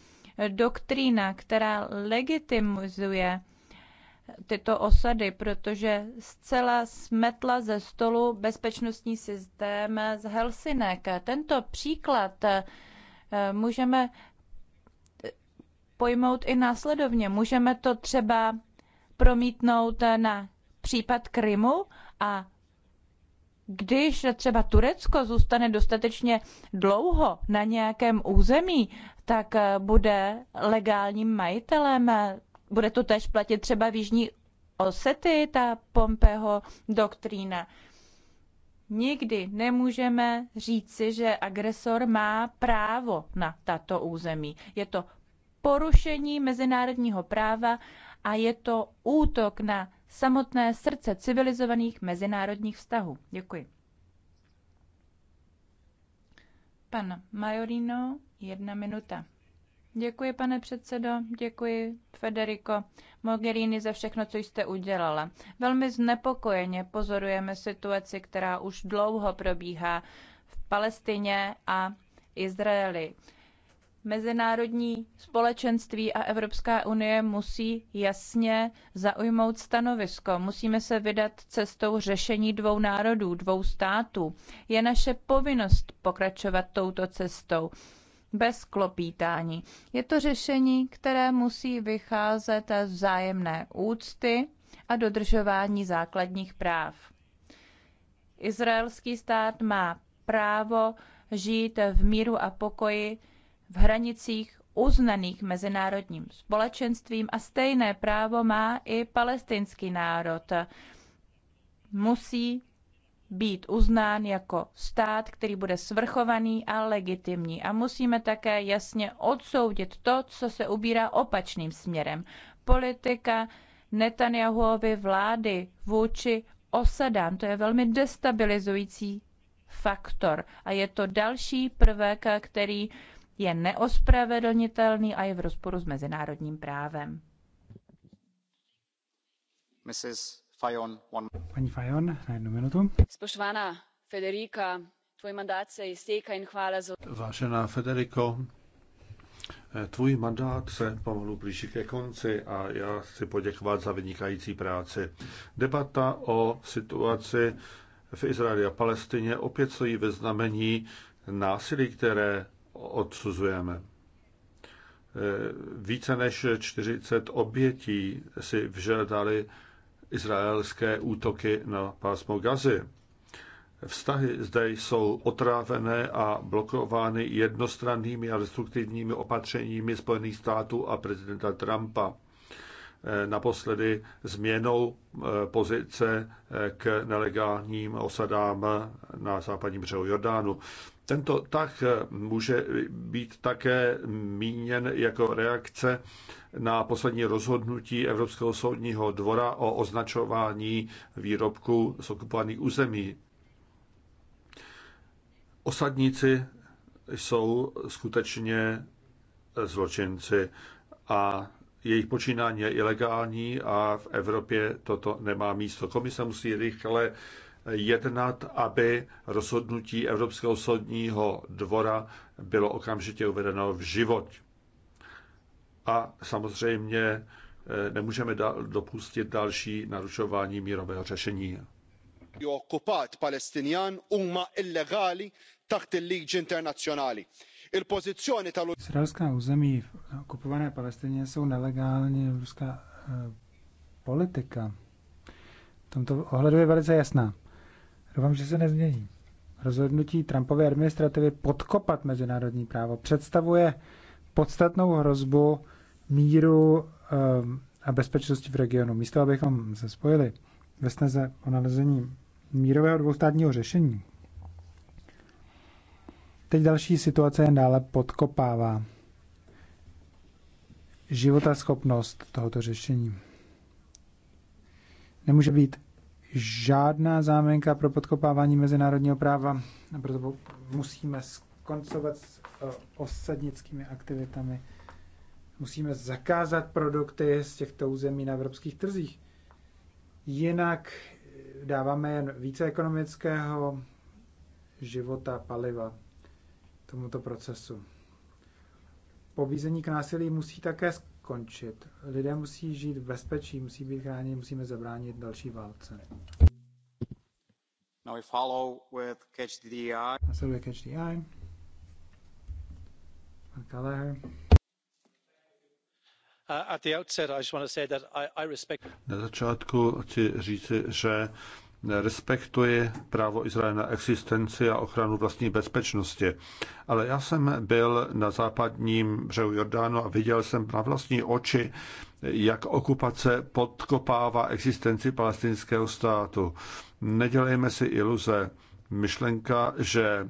doktrína, která legitimizuje tyto osady, protože zcela smetla ze stolu bezpečnostní systém z Helsinek. Tento příklad eh, můžeme eh, pojmout i následovně. Můžeme to třeba promítnout eh, na případ Krymu a když třeba Turecko zůstane dostatečně dlouho na nějakém území, tak bude legálním majitelem bude to tež platit třeba v Jižní Osety, ta Pompeho doktrína. Nikdy nemůžeme říci, že agresor má právo na tato území. Je to porušení mezinárodního práva a je to útok na samotné srdce civilizovaných mezinárodních vztahů. Děkuji. Pan Majorino, jedna minuta. Děkuji, pane předsedo, děkuji Federico Mogherini za všechno, co jste udělala. Velmi znepokojeně pozorujeme situaci, která už dlouho probíhá v Palestině a Izraeli. Mezinárodní společenství a Evropská unie musí jasně zaujmout stanovisko. Musíme se vydat cestou řešení dvou národů, dvou států. Je naše povinnost pokračovat touto cestou bez klopítání. Je to řešení, které musí vycházet z vzájemné úcty a dodržování základních práv. Izraelský stát má právo žít v míru a pokoji v hranicích uznaných mezinárodním společenstvím a stejné právo má i palestinský národ. Musí být uznán jako stát, který bude svrchovaný a legitimní. A musíme také jasně odsoudit to, co se ubírá opačným směrem. Politika Netanyahuovy vlády vůči osadám, to je velmi destabilizující faktor. A je to další prvek, který je neospravedlnitelný a je v rozporu s mezinárodním právem. Mrs. Fajon, one... Paní Fajon, Federika, tvoj mandát se izteka in hvala za... Vážená Federiko, eh, Tvůj mandát se pomalu blíží ke konci a já chci poděkovat za vynikající práci. Debata o situaci v Izraeli a Palestině opět stojí ve znamení násilí, které odsuzujeme. Eh, více než 40 obětí si vžadali izraelské útoky na pásmo Gazy. Vztahy zde jsou otrávené a blokovány jednostrannými a destruktivními opatřeními Spojených států a prezidenta Trumpa. Naposledy změnou eh, pozice eh, k nelegálním osadám na západním břehu Jordánu. Tento tah eh, může být také míněn jako reakce na poslední rozhodnutí Evropského soudního dvora o označování výrobků z okupovaných území. Osadníci jsou skutečně zločinci a jejich počínání je ilegální a v Evropě toto nemá místo. Komise musí rychle jednat, aby rozhodnutí Evropského soudního dvora bylo okamžitě uvedeno v život. A samozřejmě eh, nemůžeme dopustit další narušování mírového řešení. Okkupat Palestinjan huma illegali taħt il-liġi internazzjonali. Il-pożizzjoni tal Izraelská území v okupované Palestině jsou nelegální ruská eh, politika. V tomto ohledu je velice jasná. Doufám, že se nezmění. Rozhodnutí Trumpové administrativy podkopat mezinárodní právo představuje podstatnou hrozbu míru ehm, a bezpečnosti v regionu. Místo, abychom se spojili ve snaze o nalezení mírového dvoustátního řešení, teď další situace jen dále podkopává životaschopnost tohoto řešení. Nemůže být žádná záminka pro podkopávání mezinárodního práva, proto musíme skoncovat s eh, osadnickými aktivitami. Musíme zakázat produkty z těchto území na evropských trzích. Jinak eh, dáváme jen více ekonomického života, paliva tomuto procesu. Pobízení k násilí musí také skončit. Lidé musí žít v bezpečí, musí být chráněni, musíme zabránit další válce. Now we follow with catch the eye. Následuje catch the eye. Pan Kaleher. Uh, Na začátku chci říci, že respektuji právo Izraela na existenci a ochranu vlastní bezpečnosti. Ale já jsem byl na západním břehu Jordánu a viděl jsem na vlastní oči, jak okupace podkopává existenci palestinského státu. Nedělejme si iluze. Myšlenka, že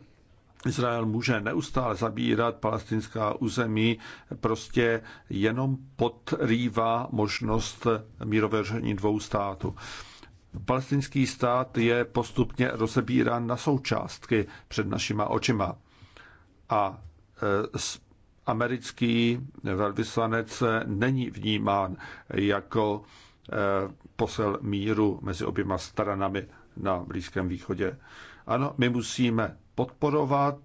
Izrael může neustále zabírat palestinská území, prostě jenom podrývá možnost mírového řešení dvou států. Palestinský stát je postupně rozebírán na součástky před našima očima. A e, americký velvyslanec není vnímán jako e, posel míru mezi oběma stranami na Blízkém východě. Ano, my musíme podporovat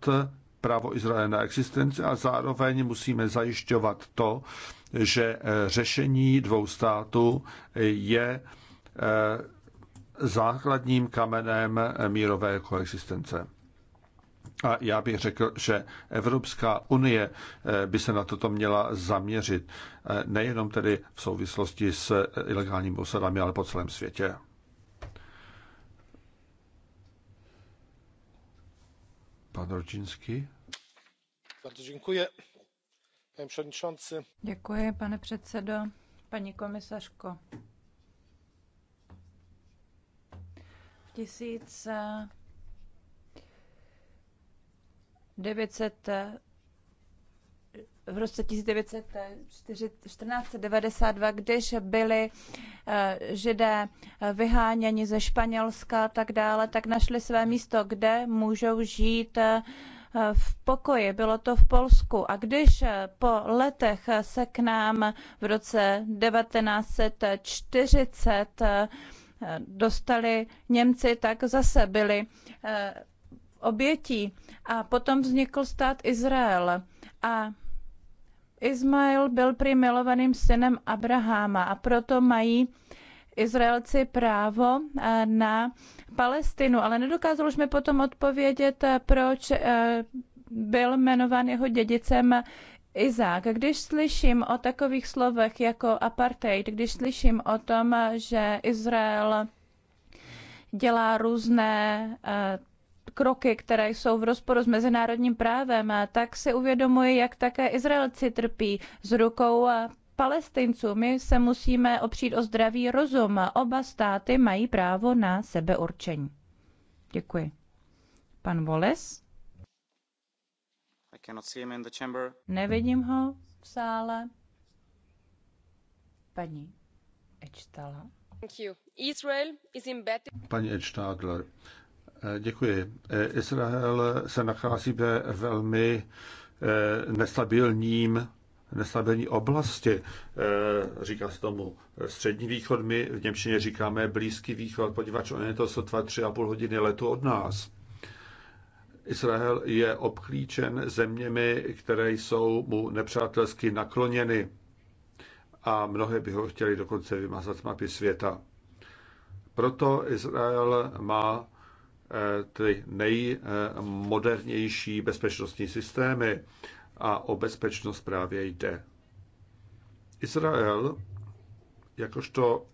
právo Izraele na existenci a zároveň musíme zajišťovat to, že e, řešení dvou států je základním kamenem mírové koexistence. A já bych řekl, že Evropská unie eh, by se na toto měla zaměřit, eh, nejenom tedy v souvislosti s eh, ilegálními osadami, ale po celém světě. Pan Rodzinski. Bardzo dziękuję, panie przewodniczący. Děkuji, pane przewodniczący, paní komisařko. tisíc v roce 1492, když byli eh, židé vyháněni ze Španělska a tak dále, tak našli své místo, kde můžou žít eh, v pokoji, bylo to v Polsku. A když eh, po letech se k nám v roce 1940 dostali Němci, tak zase byli eh, obětí. A potom vznikl stát Izrael. A Izmael byl prý milovaným synem Abraháma a proto mají Izraelci právo eh, na Palestinu, ale nedokázali jsme potom odpovědět, eh, proč byl jmenován jeho dědicem Izák, když slyším o takových slovech jako apartheid, když slyším o tom, že Izrael dělá různé eh, kroky, které jsou v rozporu s mezinárodním právem, eh, tak si uvědomuji, jak také Izraelci trpí z rukou eh, Palestinců. My se musíme opřít o zdravý rozum. Oba státy mají právo na sebeurčení. Děkuji. Pan Voles? Nevidím ho v sále. Paní Ečtala. Paní Ečtádler, eh, děkuji. Eh, Izrael se nachází ve velmi eh, nestabilním nestabilní oblasti. Říká se tomu střední východ, my v Němčině říkáme Blízký východ, poněvadž on je to sotva tři a půl hodiny letu od nás. Izrael je obklíčen zeměmi, které jsou mu nepřátelsky nakloněny a mnohé by ho chtěli dokonce vymazat z mapy světa. Proto Izrael má eh, ty nejmodernější bezpečnostní systémy a o bezpečnost právě jde. Izrael jakožto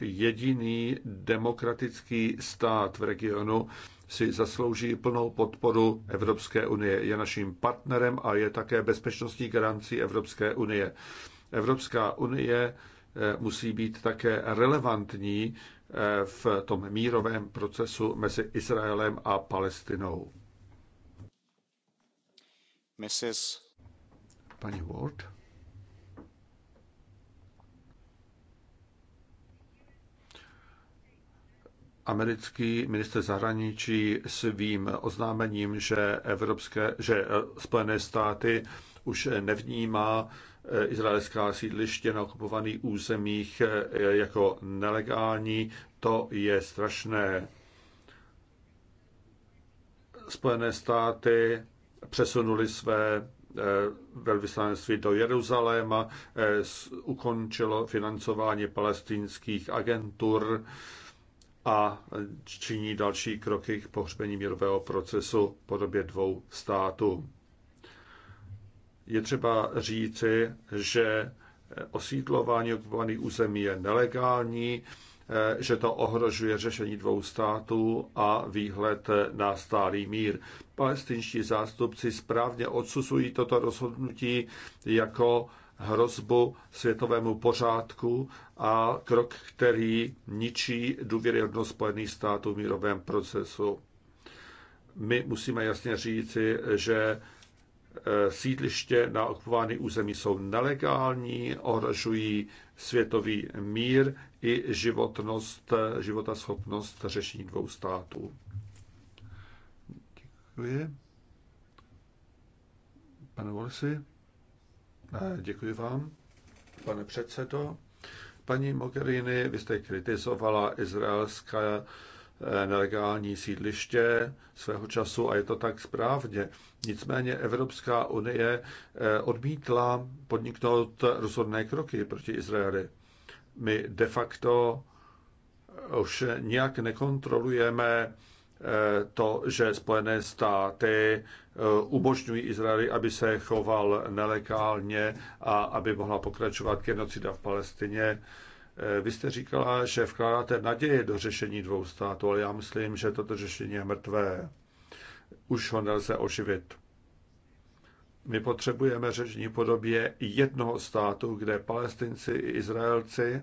jediný demokratický stát v regionu si zaslouží plnou podporu Evropské unie. Je naším partnerem a je také bezpečnostní garancí Evropské unie. Evropská unie eh, musí být také relevantní eh, v tom mírovém procesu mezi Izraelem a Palestinou. Mrs. Pani Ward. americký minister zahraničí svým oznámením, že, evropské, že eh, Spojené státy už nevnímá eh, izraelská sídliště na okupovaných územích eh, jako nelegální, to je strašné. Spojené státy přesunuli své velvyslanectví do Jeruzaléma, ukončilo financování palestinských agentur, a činí další kroky k pohřbení mírového procesu v podobě dvou států. Je třeba říci, že osídlování okupovaných území je nelegální, že to ohrožuje řešení dvou států a výhled na stálý mír. Palestinští zástupci správně odsuzují toto rozhodnutí jako hrozbu světovému pořádku a krok, který ničí důvěryhodnost Spojených států v mírovém procesu. My musíme jasně říci, že eh, sídliště na okupovaných území jsou nelegální, ohrožují světový mír i životnost, životaschopnost řešení dvou států. Děkuji. Pane Volsi. Děkuji vám, pane předsedo. Paní Mogherini, vy jste kritizovala izraelské eh, nelegální sídliště svého času a je to tak správně. Nicméně Evropská unie eh, odmítla podniknout rozhodné kroky proti Izraeli. My de facto už nějak nekontrolujeme to, že Spojené státy eh, umožňují Izraeli, aby se choval nelegálně a aby mohla pokračovat genocida v Palestině. Eh, vy jste říkala, že vkládáte naději do řešení dvou států, ale já myslím, že toto řešení je mrtvé. Už ho nelze oživit. My potřebujeme řešení v podobě jednoho státu, kde palestinci i Izraelci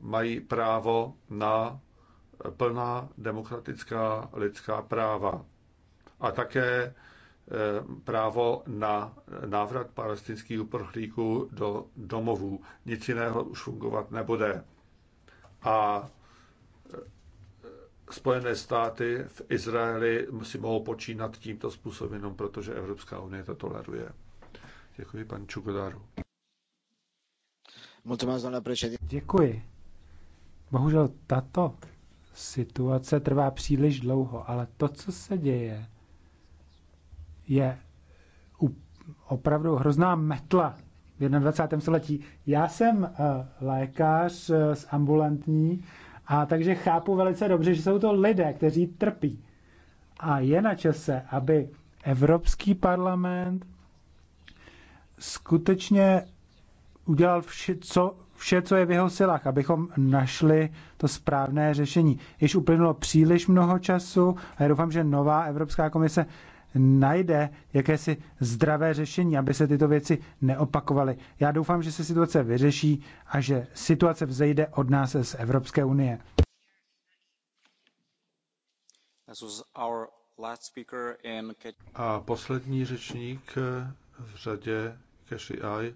mají právo na plná demokratická lidská práva a také eh, právo na návrat palestinských uprchlíků do domovů. Nic jiného už fungovat nebude. A eh, Spojené státy v Izraeli si mohou počínat tímto způsobem, jenom protože Evropská unie to toleruje. Děkuji, pan Čukodáru. Děkuji. Bohužel tato situace trvá příliš dlouho, ale to, co se děje, je opravdu hrozná metla v 21. století. Já jsem eh, lékař eh, z ambulantní, a takže chápu velice dobře, že jsou to lidé, kteří trpí. A je na čase, aby Evropský parlament skutečně udělal vše, co vše, co je v jeho silách, abychom našli to správné řešení. Již uplynulo příliš mnoho času a já doufám, že nová Evropská komise najde jakési zdravé řešení, aby se tyto věci neopakovaly. Já doufám, že se situace vyřeší a že situace vzejde od nás z Evropské unie. A poslední řečník v řadě Cash AI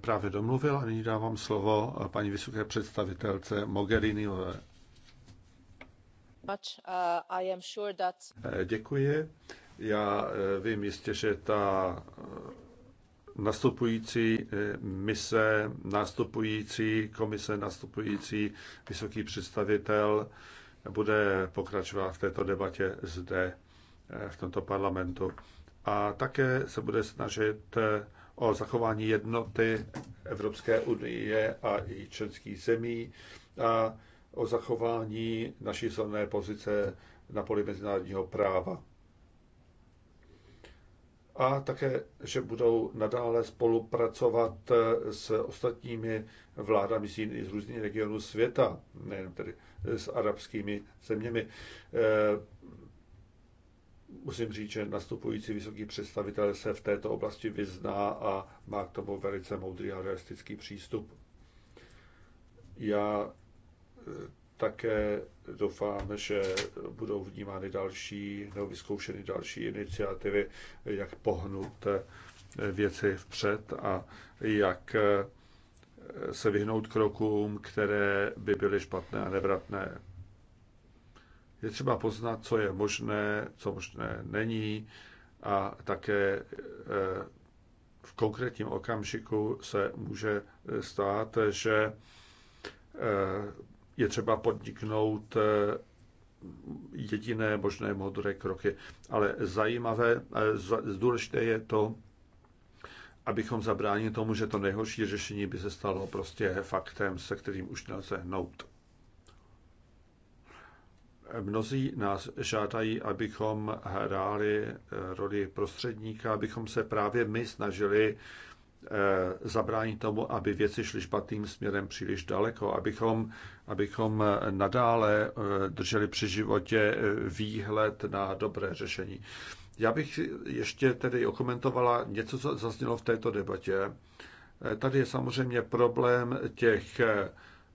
právě domluvil a nyní dávám slovo paní vysoké představitelce Mogheriniové. Uh, eh, děkuji. Já eh, vím jistě, že ta eh, nastupující mise, nastupující komise, nastupující vysoký představitel bude pokračovat v této debatě zde v tomto parlamentu. A také se bude snažit o zachování jednoty Evropské unie a i členských zemí a o zachování naší silné pozice na poli mezinárodního práva. A také, že budou nadále spolupracovat s ostatními vládami z různých regionů světa, nejen tedy s arabskými zeměmi musím říct, že nastupující vysoký představitel se v této oblasti vyzná a má k tomu velice moudrý a realistický přístup. Já e, také doufám, že budou vnímány další nebo vyzkoušeny další iniciativy, jak pohnout e, věci vpřed a jak e, se vyhnout krokům, které by byly špatné a nevratné. Je třeba poznat, co je možné, co možné není a také e, v konkrétním okamžiku se může stát, že e, je třeba podniknout e, jediné možné modré kroky. Ale zajímavé, důležité je to, abychom zabránili tomu, že to nejhorší řešení by se stalo prostě faktem, se kterým už nelze hnout. Mnozí nás žádají, abychom hráli eh, roli prostředníka, abychom se právě my snažili eh, zabránit tomu, aby věci šly špatným směrem příliš daleko, abychom, abychom eh, nadále drželi při životě výhled na dobré řešení. Já bych ještě tedy okomentovala něco, co zaznělo v této debatě. Tady je samozřejmě problém těch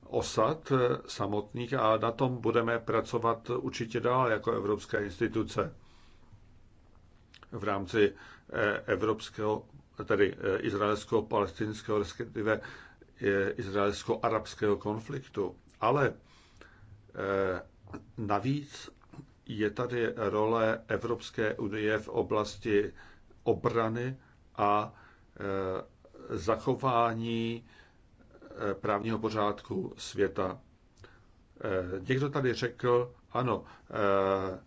osad eh, samotných a na tom budeme pracovat určitě dál jako evropská instituce v rámci eh, evropského, tedy eh, izraelského, palestinského, respektive izraelsko-arabského konfliktu. Ale navíc je tady role Evropské unie v oblasti obrany a zachování Eh, právního pořádku světa. Eh, někdo tady řekl, ano, eh,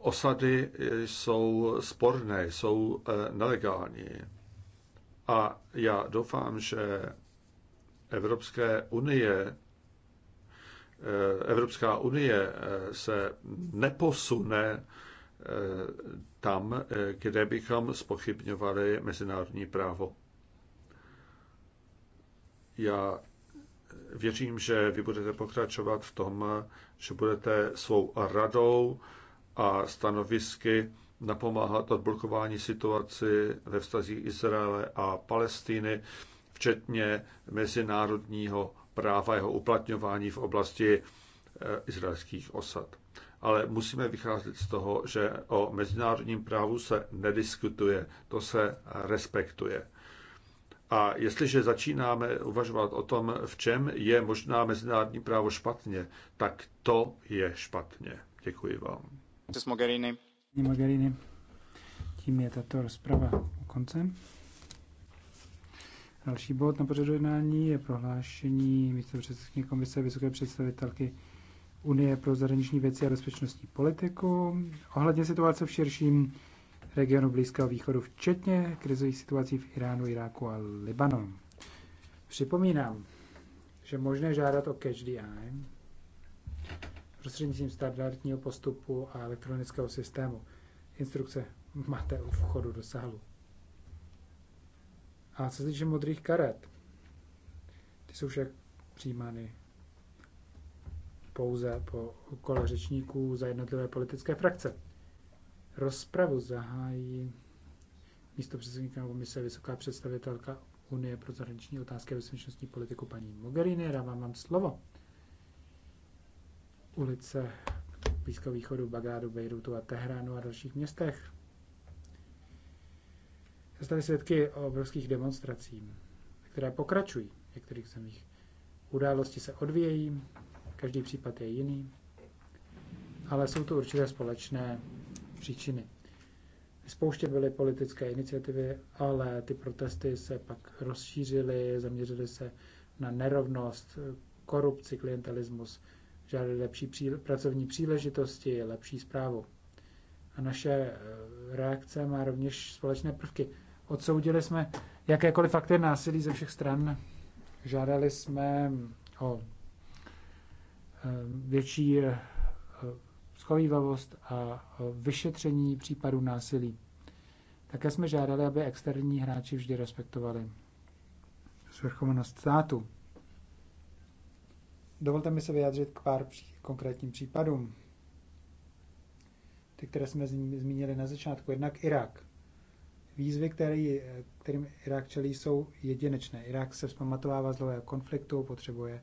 osady jsou sporné, jsou nelegální. A já doufám, že Evropské unie, Evropská unie se neposune tam, kde bychom spochybňovali mezinárodní právo. Já věřím, že vy budete pokračovat v tom, že budete svou radou a stanovisky napomáhat odblokování situaci ve vztazích Izraele a Palestiny, včetně mezinárodního práva jeho uplatňování v oblasti eh, izraelských osad. Ale musíme vycházet z toho, že o mezinárodním právu se nediskutuje, to se respektuje. A jestliže začínáme uvažovat o tom, v čem je možná mezinárodní právo špatně, tak to je špatně. Děkuji vám. Mogherini. Mogherini. Tím je tato rozprava u konce. Další bod na pořadu jednání je prohlášení místopředsedkyně komise Vysoké představitelky Unie pro zahraniční věci a bezpečnostní politiku ohledně situace v širším regionu Blízkého východu, včetně krizových situací v Iránu, Iráku a Libanonu. Připomínám, že možné žádat o the eye prostřednictvím standardního postupu a elektronického systému. Instrukce máte u vchodu do sálu. A co se týče modrých karet, ty jsou však přijímány pouze po kole řečníků za jednotlivé politické frakce. Rozpravu zahájí místo předsedníka komise Vysoká představitelka Unie pro zahraniční otázky a bezpečnostní politiku paní Mogherini. Já vám mám slovo. Ulice Blízkého východu, Bagádu, Bejrutu a Tehránu a dalších městech. Se staly svědky obrovských demonstrací, které pokračují v některých zemích. Události se odvíjejí, každý případ je jiný, ale jsou to určité společné příčiny. Spouště byly politické iniciativy, ale ty protesty se pak rozšířily, zaměřily se na nerovnost, korupci, klientelismus, žádali lepší příle, pracovní příležitosti, lepší zprávu. A naše eh, reakce má rovněž společné prvky. Odsoudili jsme jakékoliv fakty násilí ze všech stran, žádali jsme o eh, větší schovývavost a vyšetření případů násilí. Také jsme žádali, aby externí hráči vždy respektovali svrchovanost státu. Dovolte mi se vyjádřit k pár konkrétním případům. Ty, které jsme zmínili na začátku. Jednak Irák. Výzvy, který, kterým Irák čelí, jsou jedinečné. Irák se vzpamatovává z konfliktu, potřebuje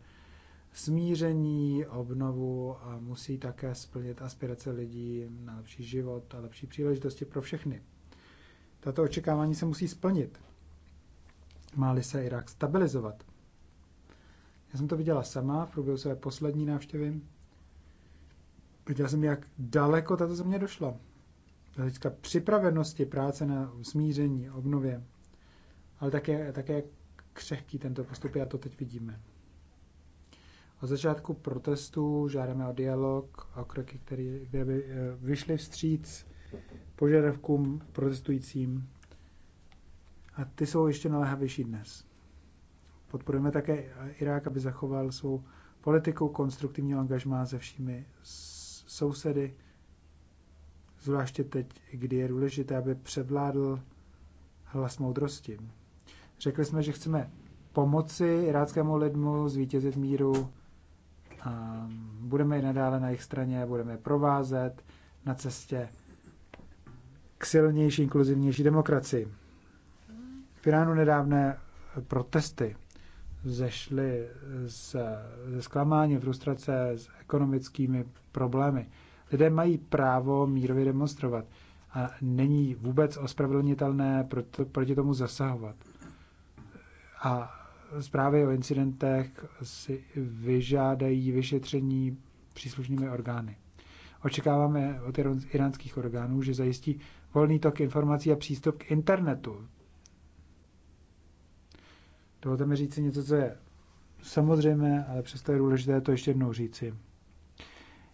smíření, obnovu a musí také splnit aspirace lidí na lepší život a lepší příležitosti pro všechny. Tato očekávání se musí splnit. má se Irak stabilizovat. Já jsem to viděla sama v průběhu své poslední návštěvy. Viděla jsem, jak daleko tato země došla. Z připravenosti práce na smíření, obnově, ale také, také křehký tento postup a to teď vidíme. Od začátku protestů žádáme o dialog a o kroky, které, které by eh, vyšly vstříc požadavkům protestujícím. A ty jsou ještě naléhavější dnes. Podporujeme také Irák, aby zachoval svou politiku konstruktivního angažmá se všemi sousedy, zvláště teď, kdy je důležité, aby převládl hlas moudrosti. Řekli jsme, že chceme pomoci iráckému lidmu zvítězit míru, a budeme i nadále na jejich straně, budeme je provázet na cestě k silnější, inkluzivnější demokracii. V Iránu nedávné protesty zešly z, ze zklamání, frustrace s ekonomickými problémy. Lidé mají právo mírově demonstrovat a není vůbec ospravedlnitelné proti tomu zasahovat. A zprávy o incidentech si vyžádají vyšetření příslušnými orgány. Očekáváme od iránských orgánů, že zajistí volný tok informací a přístup k internetu. Dovolte mi říci něco, co je samozřejmé, ale přesto je důležité to ještě jednou říci.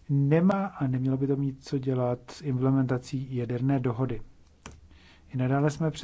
Nemá a nemělo by to mít co dělat s implementací jaderné dohody. I nadále jsme